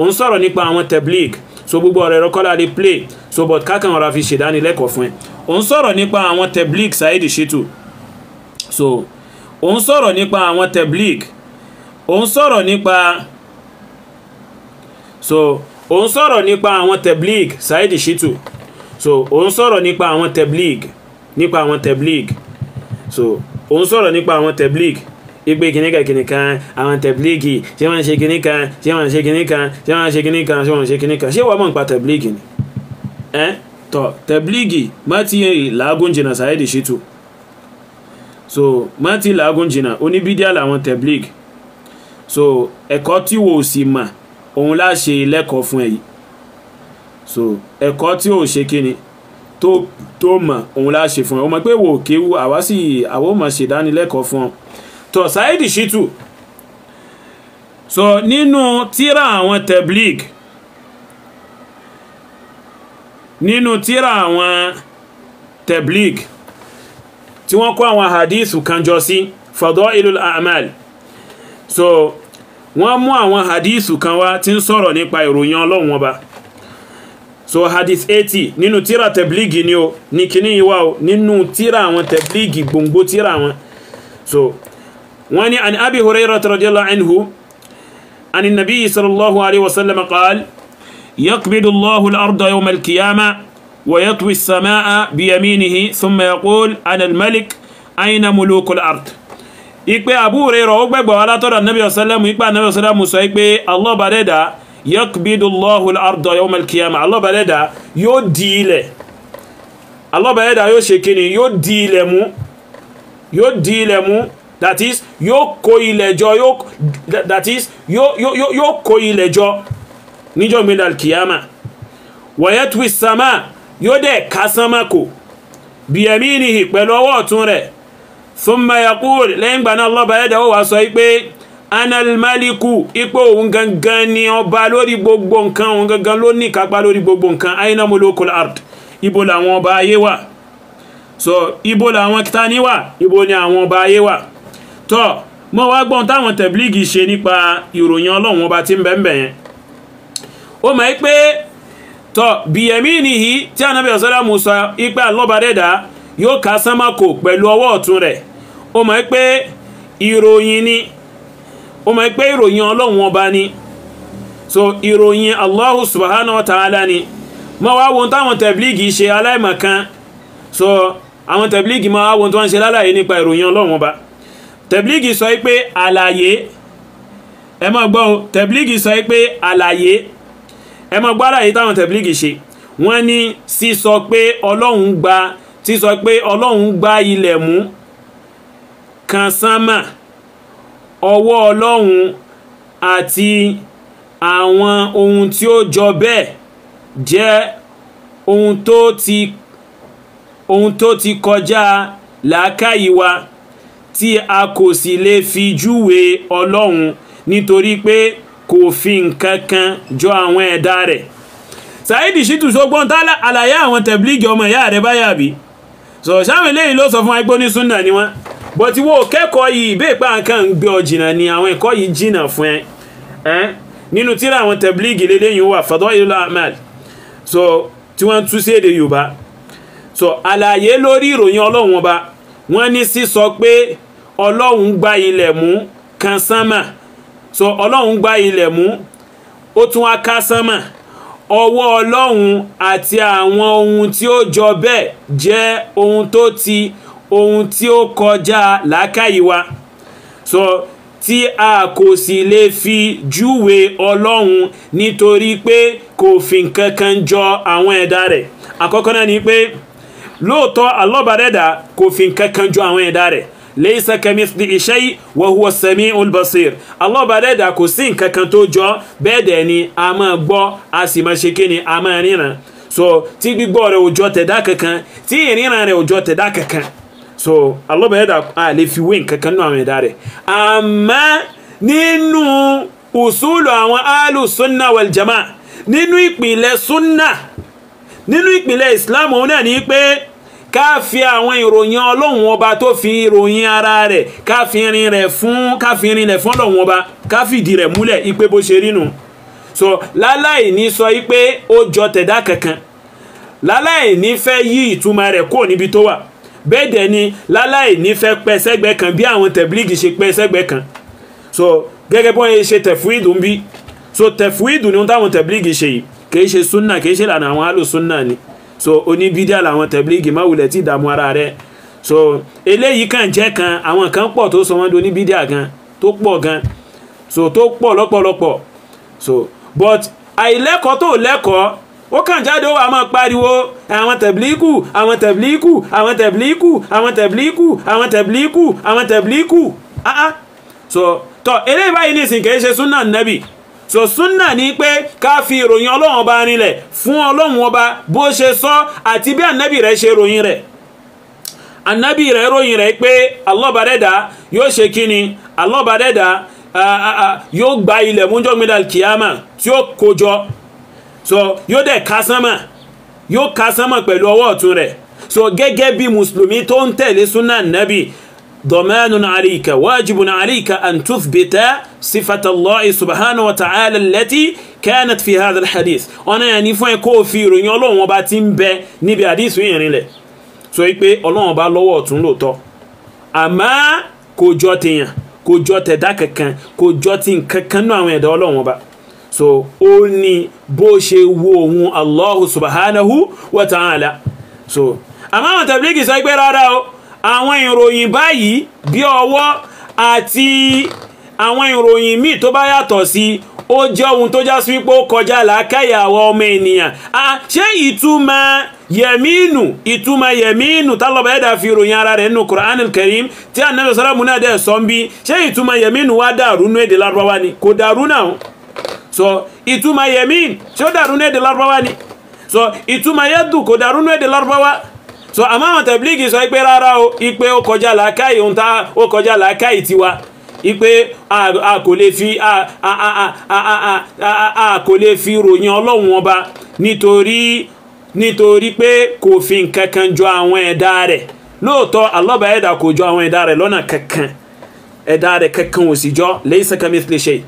ó ń sọ̀rọ̀ nípa àwọn tablig so gbogbo ọ̀rọ̀ ẹ̀rọ kọ́lá lè play so but kákan ọ̀rọ̀ àfi ṣèdánilẹ́kọ̀ọ́ fún ẹ ó ń sọ̀rọ̀ nípa àwọn tablig Saheed Shittu so ó ń sọ̀rọ̀ nípa àwọn tablig ó ń sọ̀rọ̀ nípa so ó ń sọ̀rọ̀ nípa àwọn tablig Saheed Shittu so ó ń sọ̀rọ̀ nípa àwọn tablig nípa àwọn tablig so ó ń sọ̀rọ̀ nípa àwọn tablig wípé kìnìkan kìnìkan àwọn tẹ̀blígì ṣé wọ́n ń ṣe kìnìkan ṣé wọ́n ń ṣe kìnìkan ṣé wọ́n ń ṣe kìnìkan ṣé wọ́n ń ṣe kìnìkan ṣé wọ́n mọ̀ nípa tẹ̀blígì ni ẹ́ tọ̀ tẹ̀blígì má ti jìnnà Saheed Shittu so mati ti làágùn jìnnà oníbídíà làwọn tẹ̀blígì so ẹ̀kọ́ tí wò ó sì mà òun láṣe lẹ́kọ̀ọ́ fún ẹ yìí so ẹ̀kọ́ tí ò ṣe kíni tó tó mọ̀ òun láṣe fún ẹ o mọ̀ pé wò ó kéwu àwa sì àwọn ò mọ̀ ṣèdánilẹ́kọ̀ọ́ fún ọ tó Saidi Shittu so nínú tíra àwọn tablig nínú tíra àwọn tablig tí wọ́n kó àwọn hadithu kan jọ sí Fadailul A'mal so wọ́n mú àwọn hadithu kan wá tí ń sọ̀rọ̀ nípa ìròyìn ọlọ́run ọba so hadith 80 nínú tíra tẹ̀blígì ni o ní kíní ìwá o nínú tíra àwọn tẹ̀blígì gbòǹgbò tíra àwọn so واني عن أبي هريرة رضي الله عنه عن النبي صلى الله عليه وسلم قال يقبض الله الأرض يوم القيامة ويطوي السماء بيمينه ثم يقول أنا الملك أين ملوك الأرض ipe Abu Hurairah ó gbẹ́gbọ̀ wá látọ̀dọ̀ Ànábì ọ̀sẹ́lẹ́mù ipe Ànábì ọ̀sẹ́lẹ́mù sọ ipe allọ́bàdẹ́dà yaqbidullahu al-arda yawm al-qiyamah allọ́bàdẹ́dà yóò di ilẹ̀ allọ́bàdẹ́dà yóò ṣe kíni yóò di ilẹ̀ mú yóò di ilẹ̀ mú that is yóò kó ilẹ̀ jọ that is yóò kó ilẹ̀ jọ níjọ́ gbẹ̀dà kìyàmà wọ̀yẹ́tùwì sàmà yóò dẹ̀ ká sánmà kò bìyẹ̀mí nìhì pẹ̀lú ọwọ́ ọ̀tún rẹ̀ thumma yaqul lẹ́yìn gbaná lọ́ba ẹ̀dá ó wàá sọ pé analmaliku ipò òun gangan ni ọba lórí gbogbo nǹkan òun gangan ló ní kápá lórí gbogbo nǹkan aina mulukul ard ibo làwọn ọba ayé wà so ibo làwọn kìtà ní wà ibo ni àwọn ọba ayé wà tọ́ mọ́ wá gbọ́n táwọn tẹ̀blígì ṣe nípa ìròyìn ọlọ́run ọba tí ń bẹ̀ẹ̀ yẹn ó mọ̀ pé tọ́ bìyẹ̀mí nìyí tí anábì ọ̀sọ́dá musa ipa lọ́bàdẹ́dà yóò ká sámákò pẹ̀lú ọwọ́ ọ̀tún rẹ̀ ó mọ̀ pé ìròyìn ni ó mọ̀ pé ìròyìn ọlọ́run ọba ni so ìròyìn allahu subhanahu wa ta'ala ni mọ́ wá wọn táwọn tẹ̀blígì ṣe aláìmọ̀kan so àwọn tẹ̀blígì máa wá wọn tó ń ṣe láláyé nípa ìròyìn ọlọ́run ọba tẹ̀blígì sọ pé àlàyé ẹ mọ̀ gbọ́ o tẹ̀blígì sọ pé àlàyé ẹ mọ̀ gbọ́ àlàyé táwọn tẹ̀blígì ṣe wọ́n ní sísọ pé ọlọ́run gba sísọ pé ọlọ́run gba ilẹ̀ mú kan sánmà ọwọ́ ọlọ́run àti àwọn ohun tí ó jọ bẹ́ẹ̀ jẹ́ ohun tó ti kọjá làákàyè wa tí a kò sì lè fi júwe ọlọ́run nítorí pé kò fi nǹkan kan jọ àwọn ẹ̀dá rẹ̀ Saidi Shittu sọgbọ́n tá àlàyé àwọn tẹ̀blígì ọmọ ìyá rẹ̀ báyà bí sọ̀rọ̀ sáwọn eléyìí ló sọ fún wa ní súnà ni wọ́n bọ́ tí wọ́n kẹ́kọ̀ọ́ yìí ìbéè pa nǹkan ń gbé ọ ni àwọn ẹ̀kọ́ yìí jìnnà fún ẹ nínú tíra àwọn tẹ̀blígì lélẹ́yìn wà Fadailul A'mal so tí wọ́n tú sí èdè Yorùbá so àlàyé lórí ìròyìn Ọlọ́run ọba wọ́n ní sísọ pé ọlọ́run gba ilẹ̀ mú kan sánmà so ọlọ́run gba ilẹ̀ mú ó tún wá ká sánmà ọwọ́ ọlọ́run àti àwọn ohun tí ó jọ bẹ́ẹ̀ jẹ́ ohun tó ti ohun tí ó kọjá làákàyè wa so tí a kò sì lè fi júwe ọlọ́run nítorí pé kò fi nǹkan kan jọ àwọn ẹ̀dá rẹ̀ àkọ́kọ́ náà ni pé lóòótọ́ alọ́bàdẹ́dà kò fi nǹkan kan ju àwọn ẹ̀dá rẹ̀ laysa kamithlihi shay wa huwa as-sami'ul basir alọ́bàdẹ́dà kò sí nǹkan kan tó jọ bẹ́ẹ̀ dẹ̀ ni a máa gbọ́ a sì máa ṣe kíni a máa ríran so tí gbígbọ́ rẹ̀ ò jọ tẹ̀dá kankan tí ìríran rẹ̀ ò jọ tẹ̀dá kankan so alọ́bàdẹ́dà a lè fi wé nǹkan kan nínú àwọn ẹ̀dá rẹ̀ àmọ́ nínú usulu àwọn alu sunna wal jama nínú ìpìlẹ̀ sunna nínú ìpìlẹ̀ islam òun náà ní pé ká fi àwọn ìròyìn ọlọ́run ọba tó fi ìròyìn ara rẹ̀ ká fi rin rẹ̀ fún ká fi rin rẹ̀ fún ọlọ́run ọba ká fìdí rẹ̀ múlẹ̀ ipe bó ṣe rí nù so láláì ní sọ pé ó jọ tẹ̀dá kankan láláì ní fẹ́ yí ìtumọ̀ rẹ̀ kó níbi tó wà bẹ́ẹ̀ dẹ̀ ni láláì ní fẹ́ pẹ́ sẹ́gbẹ́ kan bí àwọn tẹ̀blígì ṣe pẹ́ sẹ́gbẹ́ kan so gẹ́gẹ́ bọ́n ṣe tẹ̀fúìdù ń bí so tẹ̀fúìdù ni wọ́n táwọn tẹ̀blígì ṣe yìí kì í ṣe súnà kì í ṣe lànà àwọn àlò súnà ni so oníbídíà làwọn tẹ̀blígì má wulẹ̀ tí ìdààmú ara rẹ̀ so eléyìí kàn jẹ́ kan àwọn kan pọ̀ tó sọ wọ́n di oníbídíà gan tó pọ̀ gan so tó pọ̀ lọ́pọ̀lọpọ̀ so but àìlẹ́kọ̀ọ́ tó lẹ́kọ̀ọ́ ó kàn jáde ó wà máa pariwo àwọn tẹ̀blíkù àwọn tẹ̀blíkù àwọn tẹ̀blíkù àwọn tẹ̀blíkù àwọn tẹ̀blíkù àwọn tẹ̀blíkù ah ah so tọ eléyìí báyìí nìsín kì í ṣe súnà nàbì so súnà ní pé ká fi ìròyìn ọlọ́run ọba rinlẹ̀ fún ọlọ́run ọba bó ṣe sọ àti bí ànábì rẹ̀ ṣe ròyìn rẹ̀ ànábì rẹ̀ ròyìn rẹ̀ pé alọ́bàdẹ́dà yóò ṣe kíni alọ́bàdẹ́dà yóò gba ilẹ̀ mújọ́ gbẹ́dà kìámà tí ó kójọ so yóò dẹ̀ kásánmà yóò kásánmà pẹ̀lú ọwọ́ ọ̀tún rẹ̀ so gẹ́gẹ́ bí mùsùlùmí tó ń tẹ̀lé súnà nábì ضمان عليك واجب عليك أن تثبت صفة الله سبحانه وتعالى التي كانت في هذا الحديث ọ̀nà yẹn ni fún ẹ kó o fi ìròyìn ọlọ́run ọba tí ń bẹ níbi àdísù ìrìn lẹ̀ sọ pé ọlọ́run ọba lọ́wọ́ ọ̀tún lóòótọ́ àmọ́ kò jọ tèèyàn kò jọ tẹ̀dá kankan kò jọ ti nǹkan kan náà àwọn ẹ̀dá ọlọ́run ọba so ó ní bó ṣe wo òun Allahu subhanahu wa ta'ala so àmọ́ àwọn tàbílíkì sọ pé rárá o àwọn ìròyìn báyìí bí ọwọ́ àti àwọn ìròyìn míì tó bá yàtọ̀ sí ó jẹ́ ohun tó já sí wípé ó kọjá làákàyè àwọn ọmọ ènìyàn ṣé ìtumọ̀ yẹmínú ìtumọ̀ yẹmínú tálọ́bà ẹ̀dà fi ròyìn ara rẹ̀ nínú Qur'anul Karim tí ànábì sọ́rọ́ mu náà dẹ̀ sọ ń bí ṣé ìtumọ̀ yẹmínú wá dàrú nú èdè lárúbáwá ni kò dàrú náà sọ ìtumọ̀ yẹmín ṣé ó dàrú nú èdè lárúbáwá ni sọ ìtumọ̀ yẹdù kò dàrú nú èdè lárúbáwá so àmọ́ àwọn tẹ̀blígì sọ pé rárá o ipe ó kọjá làákàyè ohun tá ó kọjá làákàyè tiwa ipe a kò lè fi a kò lè fi ròyìn ọlọ́run ọba nítorí nítorí pé kò fi nǹkan kan jọ àwọn ẹ̀dá rẹ̀ lóòótọ́ alọ́ba ẹ̀dá kò jọ àwọn ẹ̀dá rẹ̀ lọ́nà kankan ẹ̀dá rẹ̀ kankan ò sì jọ laysa kamithli shay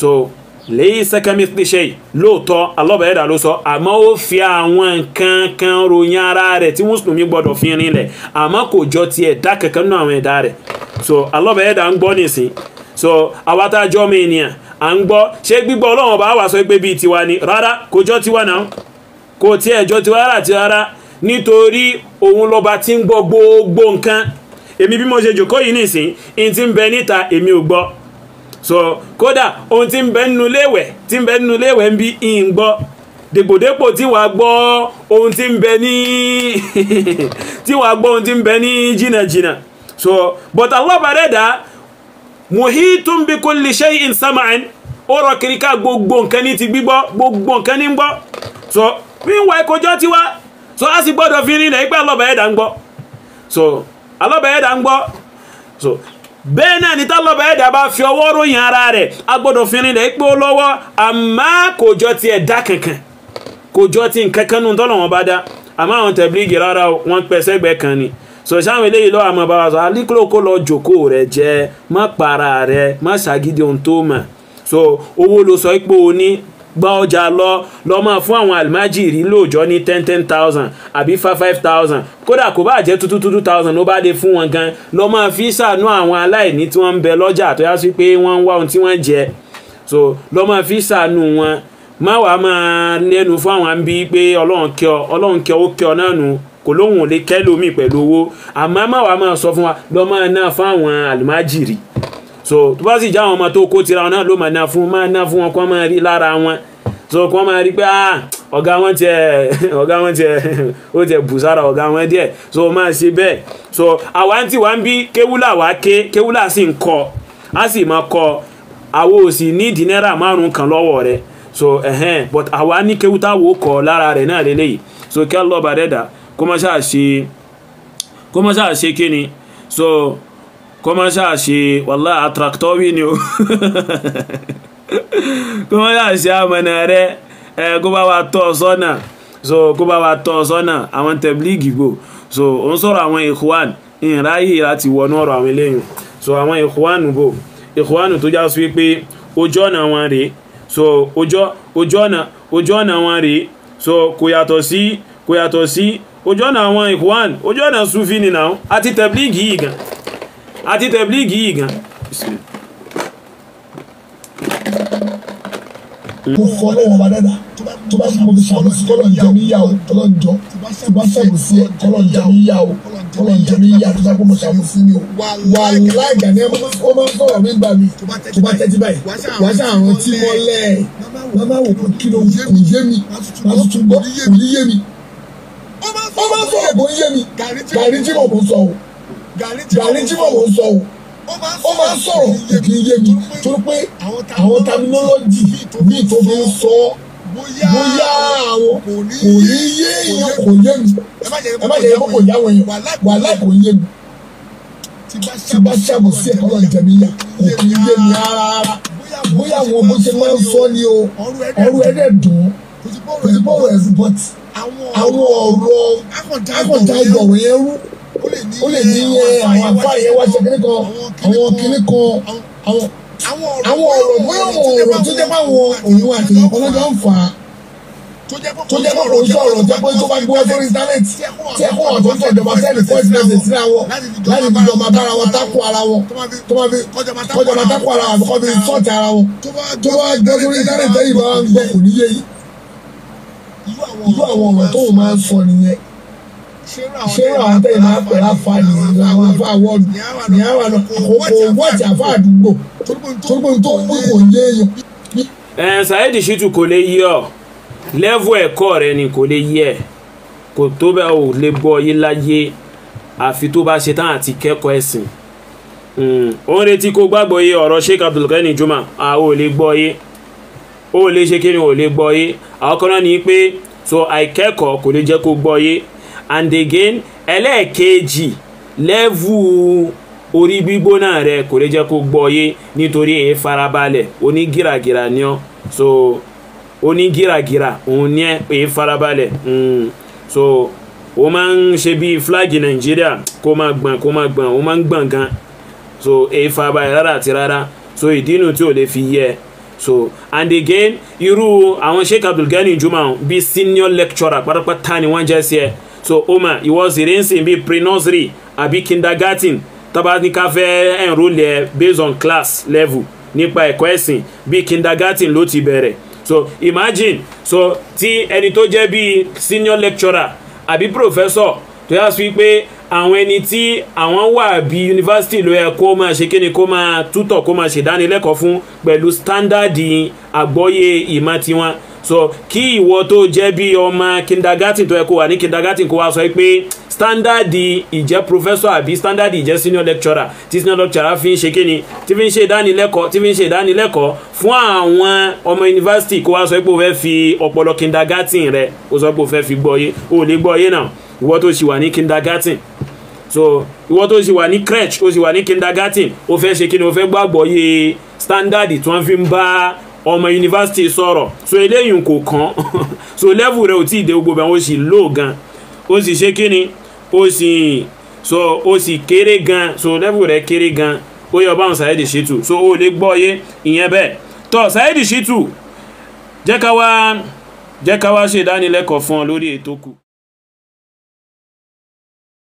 so laysa kamithli shay lóòótọ́ alọ́bàáyẹ̀dà ló sọ àmọ́ ó fi àwọn nǹkan kan ròyìn ara rẹ̀ tí mùsùlùmí gbọ́dọ̀ fi rinlẹ̀ àmọ́ kò jọ ti ẹ̀dá kankan nínú àwọn ẹ̀dá rẹ̀ so alọ́bàáyẹ̀dà ń gbọ́ nìsín so àwa tá a jọ ọmọ ènìyàn à ń gbọ́ ṣé gbígbọ́ ọlọ́run ọba wà sọ pé bíi tiwa ni rárá kò jọ tiwa náà kò tiẹ̀ jọ tiwa rárá ti rárá nítorí òun lọ́ba tí ń gbọ́ gbogbo nǹkan èmi bí mo ṣe jòkó yìí nìsín in ń bẹ níta èmi ò gbọ́ so kódà ohun tí ń bẹ nínú léwẹ̀ tí ń bẹ nínú léwẹ̀ ń bí ń gbọ́ dègbòdépò tí wàá gbọ́ ohun tí ń bẹ ní tí wàá gbọ́ ohun tí ń bẹ ní jìnnàjìnnà so but Allah bá dẹ́dà muhitun bi kulli shay'in sam'an ó rọ kiri ká gbogbo nǹkan ní ti gbígbọ́ gbogbo nǹkan ní ń so wíwá ìkójọ́ tiwa so a sì gbọ́dọ̀ fi rinlẹ̀ ipẹ́ Allah bá dẹ́dà ń gbọ́ so Allah bá dẹ́dà ń gbọ́ so bẹ́ẹ̀ náà ní tálọ́bà ẹ̀dá bá fi ọwọ́ ròyìn ara rẹ̀ agbọ́dọ̀ fi rinlẹ̀ pé ó lọ́wọ́ àmọ́ kò jọ ti ẹ̀dá kankan kò jọ ti nǹkan kan nù tọ́lọ̀ wọn bá dá àmọ́ àwọn tẹ̀blígì rárá wọn pẹ́ sẹ́gbẹ́ kan ni sọ̀sáwọn eléyìí lọ́wọ́ àmọ́ bàbá sọ alíkúrò kó lọ jòkó rẹ̀ jẹ́ má para rẹ̀ má ṣàgídí ohun tó mọ̀ so owó ló sọ pé o ní gba ọjà lọ lọ máa fún àwọn àlmájìrì lóòjọ́ ní ten ten thousand àbí five five thousand kódà kò bá jẹ́ two two two thousand ló bá dé fún wọn gan lọ máa fi ṣàánú àwọn aláìní tí wọ́n ń bẹ lọ́jà tó yá sí pé wọ́n ń wá ohun tí wọ́n jẹ so lọ máa fi ṣàánú wọn má wàá máa lẹ́nu fún àwọn àbí pé ọlọ́run kẹ́ ọ ọlọ́run kẹ́ ó kẹ́ ọ náà nù kò lóhùn lè kẹ́ lómi pẹ̀lú owó àmọ́ má wàá máa sọ fún wa lọ máa ná fún àwọn àlmájìrì so tó bá sì já àwọn ọmọ tó kó tira wọn náà ló máa ná fún máa ná fún wọn kó máa rí lára wọn so kó máa rí pé ah ọ̀gá wọn tiẹ̀ ọ̀gá wọn tiẹ̀ ó tiẹ̀ bù sára ọ̀gá wọn díẹ̀ so máa ṣe bẹ́ẹ̀ so àwa ń tì wá ń bí kéwúlà wá ké kéwúlà sì ń kọ á sì máa kọ àwo sì ní dínẹ́rà márùn-ún kan lọ́wọ́ rẹ̀ so ẹ̀hẹ́n but àwa ní kéwútà wò kọ lára rẹ̀ náà lélẹ́yìí so kí á lọ́ọ́ bàdẹ́dà kó má ṣáà ṣe kó má ṣáà ṣe kíni so kọ́mọ́sá ṣe wàlá àtàràkítọ́wì ni o kọ́mọ́sá ṣe àmọ̀nà rẹ ẹ kó bá wa tọ́ ọ sọ́nà so kó bá wa tọ́ ọ sọ́nà àwọn tẹ̀blígì gbò so ń sọ̀rọ̀ àwọn ikhwan ìráyè láti wọnú ọ̀rọ̀ àwọn eléyìí so àwọn ikhwan bò ikhwan tó já sí pé ojú ọ̀nà wọn rèé so ojú ọ̀nà ojú ọ̀nà wọn rèé so kò yàtọ̀ sí kò yàtọ̀ sí ojú ọ̀nà àwọn ikhwan ojú ọ̀nà sufi nìyàwó àti tẹ̀blígì yìí àti tẹ̀blígì yìí gan. mo fọ́ lọ́wọ́ wa tó bá sọ mi sọ sí kọlọ̀ jẹ mí yá o kọlọ̀ jọ tó bá sọ sí ẹ kọlọ̀ jẹ mí yá o kọlọ̀ jẹ mí yá tó bá kọ́ mo sọ sí mi o. wà á láìka ní ó máa ń sọ̀rọ̀ mi gbà mí tó bá tẹ́tí báyìí wà ṣe àwọn tí mo lẹ̀ wọ́n máa wò kí ló kò yé mi wọ́n á tún kò ní yé mi ó máa ń sọ̀rọ̀ bó ń yé mi kàrí tí mo bò sọ o gàrí tí mò ń sọ o ó máa ń sọ̀rọ̀ yékéyéké tó pé àwọn terminology bíi tó fi ń sọ bóyá àwọn kò ní yé èèyàn kò yé mi ẹ má jẹ́ kó yá wọn yẹn wàhálà kò yé mi tí bá ṣàbò sí ẹ̀kọ́ náà jẹ̀mí yá kò kì í yé mi rárá bóyá àwọn bó ṣe máa ń sọ ni o ọrú ẹ̀dẹ̀ dùn kò sí bọ́ọ̀rù ẹ̀sìn bọ́tì àwọn ọ̀rọ̀ akọ̀dá ìgbọ̀wé yẹn rú ó lè ní eh, àwọn àfáàyè wá ṣe kan àwọn kíní kan àwọn ọ̀rọ̀ bóyá àwọn ọ̀rọ̀ tó jẹ́ báwọn òun àti ìyàpọ̀ lọ́jọ́ ń fà á tó jẹ́ kó ló ń jẹ́ pé tó bá gbé wá íńtánẹ́ẹ̀tì tí ẹ̀kọ́ wọn tó ń tọ̀ ìjọba sẹ́ẹ̀lì fún ẹ̀sìn ẹ̀sìn síra wọn láti fi jọba bára wọn tákù ara wọn tó máa fi kọjọba tákù ara wọn àbíkọ́ fi sọ́ọ̀tì ara wọn tó bá gbé sórí íńtánẹ́ẹ̀tì tẹ́yìn bá ń gbọ́ kò níyé yìí irú àwọn ọ̀rọ̀ tó máa ń sọ nìyẹn ṣé àwọn tẹ̀yìn máa pẹ̀lú àfààní làwọn àfàà wọ́ọ̀dù ní àwọn àná kò wọ́ọ̀tì àfàà àdúgbò tó gbóhùn tó wí kò yé èèyàn. ẹ Saheed Shittu kò lè yí ọ lẹ́vù ẹ̀kọ́ rẹ ni kò lè yí ẹ kò tó bẹ́ẹ̀ ò lè bọ́ yé láyé àfi tó bá ṣe tán àti kẹ́kọ̀ọ́ ẹ̀sìn hmm, ó ń retí kó gbàgbọ́ yé ọ̀rọ̀ Sheikh Abdulgani Juma àwọn ò lè gbọ́ yé ó lè ṣe kí ni ò lè gbọ́ yé àwọn kan náà ní pé so àìkẹ́kọ̀ọ́ kò lè jẹ́ kó gbọ́ yé and again ẹlẹ́ẹ̀kejì lẹ́vù orí gbígbóná rẹ kò lè jẹ́ kó gbọ́yé nítorí èyí farabalẹ̀ onígìràgìrà ni ọ́ so onígìràgìrà òun ní èyí farabalẹ̀ hmm. so ó máa ń ṣe bí fúláàgì nàìjíríà kó máa gbọ̀n kó máa gbọ̀n ó máa ń gbọ̀n gan so èyí farabalẹ̀ rárá àti rárá so ìdínú tí ò lè fi yẹ so and again irú àwọn sheikh abdulgani juma bíi senior lecturer pátápátá ni wọ́n jẹ́ sí ẹ so oma ìwọ sèré ń sìn bí pre-nursery àbí kindergarten tọ́ba ní ká fẹ́ enrol ẹ based on class level nípa ẹ̀kọ́ ẹ̀sìn bí kindergarten ló ti bẹ̀rẹ̀ so imagine so tí ẹni tó jẹ́ bí senior lecturer àbí professor tó yà sí pé àwọn ẹni tí àwọn wà bí yunifásitì ló yẹ kó máa ṣe kíni kó máa tútọ̀ kó máa ṣèdánilẹ́kọ̀ọ́ fún pẹ̀lú standard àgbọ́yé ìmọ̀ tiwọn so kí ìwọ tó jẹ́ bí ọmọ kindergarten tó yẹ kó wà ní kindergarten kó wá sọ pé standardi ìjẹ́ professor àbí standardi ìjẹ́ senior lecturer tí senior lecturer fi ń ṣe kíni tí fi ń ṣe ìdánilẹ́kọ̀ọ́ tí fi ń ṣe ìdánilẹ́kọ̀ọ́ fún àwọn ọmọ yunifásitì kó wá sọ pé o fẹ́ fi ọpọlọ kindergarten rẹ o sọ pé o fẹ́ fi gbọ́ yé o ò lè gbọ́ yé náà ìwọ tó ṣì wà ní kindergarten so ìwọ tó ṣì wà ní crèche ó ṣì wà ní kindergarten ó fẹ́ ṣe kí ni ó fẹ́ gbàgbọ́ yé standard tí wọ́n fi ń bá ọmọ yunifásitì sọ̀rọ̀ so eléyìí kò kàn so lẹ́vù rẹ̀ ò tí ì dé gbogbo àwọn sì lò gan ó sì ṣe kíni ó sì so ó sì kéré gan so lẹ́vù rẹ̀ kéré gan ó yẹ ọba àwọn Saheed Shittu so ó lè gbọ́ yé ìyẹn bẹ́ẹ̀ tọ́ Saheed Shittu jẹ́ ká wá jẹ́ ká wá ṣe ìdánilẹ́kọ̀ọ́ fún ọ lórí ètò kù